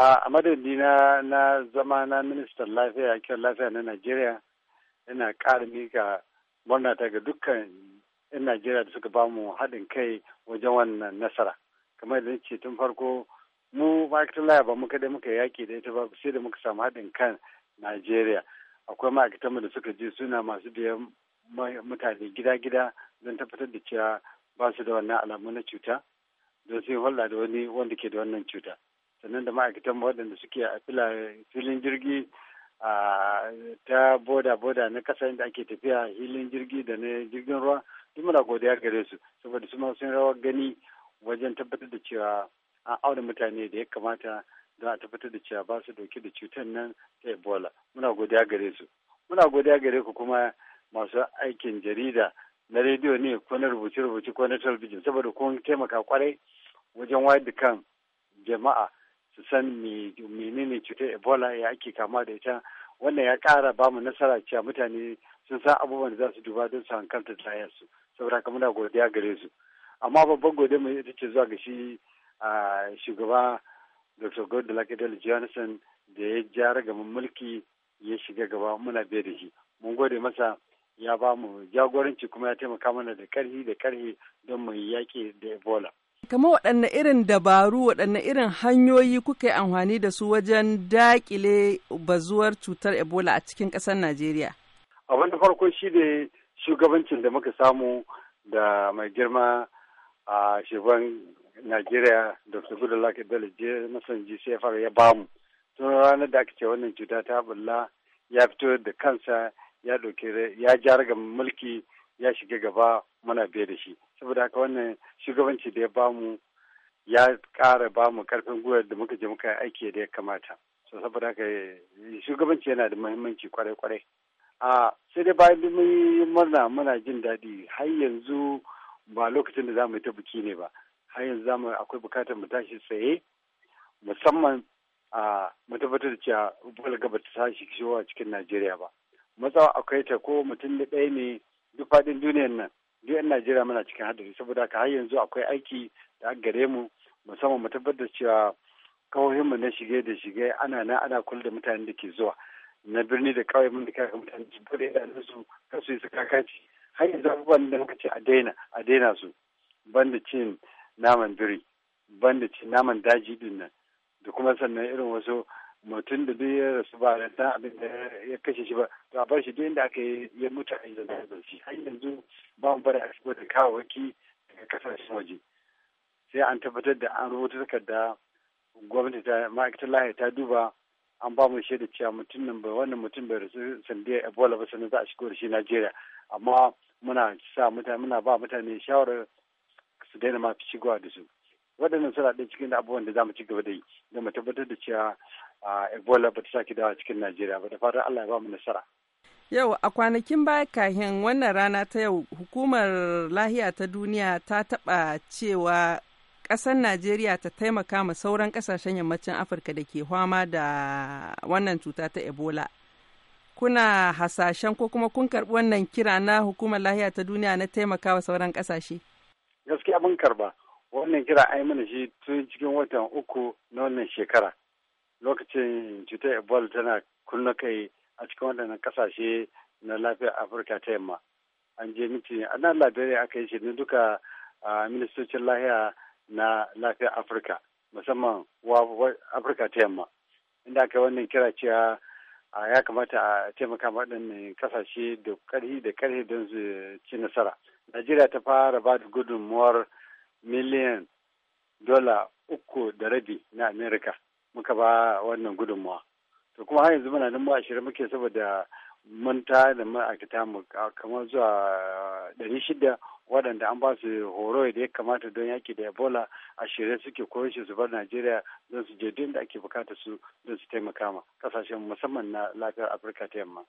a madadina na zama na ministan lafiya kyan lafiya na najeriya ina ƙara mika murna ta ga dukkan 'yan najeriya da suka ba mu haɗin kai wajen wannan nasara kamar da ce tun farko mu ma'aikatan laya ba muka dai muka yaƙi da ita ba sai da muka samu haɗin kan najeriya akwai ma'aikatanmu da suka je suna masu da mutane gida-gida don tabbatar da cewa ba su da wannan alamu na cuta don sai hulɗa da wani wanda ke da wannan cuta sannan da ma'aikatan waɗanda suke a filin jirgi ta boda boda na kasa inda ake tafiya filin jirgi da na jirgin ruwa duk muna godiya gare su saboda su sun rawar gani wajen tabbatar da cewa an auna mutane da ya kamata don a tabbatar da cewa ba su dauke da cutar nan ta ebola muna godiya gare su muna godiya gare ku kuma masu aikin jarida na rediyo ne ko na rubuce-rubuce ko na talabijin saboda kun taimaka kwarai wajen wayar da kan jama'a su san menene cutar ebola ya ake kama da ita wannan ya kara ba mu nasara cewa mutane sun san abubuwan da za su duba don su hankalta da su saboda haka muna godiya gare su amma babban godiya mu ita ce zuwa ga shi shugaba dr goodluck edel johnson da ya ja ragamin mulki ya shiga gaba muna bai da shi mun gode masa ya ba mu jagoranci kuma ya taimaka mana da karhi da karhi don mu yaƙi da ebola kamar waɗanne irin dabaru waɗanne irin hanyoyi kuka yi amfani da su wajen daƙile bazuwar cutar ebola a cikin ƙasar najeriya abin da farko shi ne shugabancin da muka samu da mai girma a shugaban najeriya dr goodluck ebele masan gcfr ya bamu tun ranar da aka ce wannan cuta ta bulla ya fito da kansa ya ɗauki ya ja mulki ya shiga gaba muna biye da shi saboda haka wannan shugabanci da ya bamu ya ƙara bamu karfin gwiwar da muka je muka aiki da ya kamata so saboda haka eh, shugabanci yana da muhimmanci kwarai kwarai a sai dai bayan mun yi murna muna jin daɗi har yanzu ba lokacin da za mu yi ta biki ne ba har yanzu zamu akwai bukatar mu tashi tsaye musamman a mu tabbatar da cewa bola gaba ta tashi shiwa cikin najeriya ba matsawa akwai ta ko mutum da ɗaya ne duk faɗin duniyan nan duk 'yan Najeriya muna cikin hadari saboda haka har yanzu akwai aiki da gare mu musamman mu tabbatar cewa mu na shige da shige ana na ana kula da mutanen da ke zuwa na birni da kawai mun da kaga mutane su bude idanunsu kar su yi su kakaci har yanzu abubuwan da muka ce a daina a daina su banda cin naman biri banda cin naman daji din nan da kuma sannan irin wasu mutum da duk ya rasu ba da ta abin da ya kashe shi ba to a bar shi duk inda aka yi ya mutu a yanzu da shi har yanzu ba mu bari a shigo da kawaki daga kasashen waje sai an tabbatar da an rubuta takarda gwamnati ta ma'aikatar lahiya ta duba an ba mu shaida cewa mutum nan bai wannan mutum bai rasu sandiyar ebola ba sannan za a shigo da shi najeriya amma muna sa mutane muna ba mutane shawarar su daina ma shigowa da su waɗannan suna ɗaya cikin abubuwan da za mu ci gaba da yi da mu tabbatar da cewa ebola ba ta sake dawa cikin najeriya ba da fatan allah ya ba mu nasara Yau a kwanakin baya kahin wannan rana ta yau hukumar lahiya ta duniya ta taɓa cewa ƙasar Najeriya ta taimaka ma sauran ƙasashen yammacin Afirka da ke fama da wannan cuta ta Ebola. Kuna hasashen ko kuma kun karɓi wannan kira na hukumar lahiya ta duniya na taimaka wa sauran ƙasashe? Gaskiya mun karɓa. Wannan kira ai mana shi tun cikin watan uku na wannan shekara. lokacin cutar ebola tana kunna kai a cikin waɗannan kasashe na lafiyar afirka ta yamma an je miti a nan labirai aka yi shi na duka ministocin lahiya na lafiyar afirka musamman wa afirka ta yamma inda aka wannan kira cewa ya kamata a taimaka waɗannan kasashe da ƙarfi da ƙarfi don su ci nasara najeriya ta fara ba da gudunmuwar miliyan dola uku da rabi na amerika muka ba wannan gudunmawa to kuma har yanzu muna nan mu ashirin muke saboda mun ta da ma'aikata mu kamar zuwa ɗari shida waɗanda an ba su horo da ya kamata don yaki da ebola a shirye suke koyaushe su bar najeriya don su je duk da ake bukata su don su taimaka ma ƙasashen musamman na lafiyar afirka ta yamma.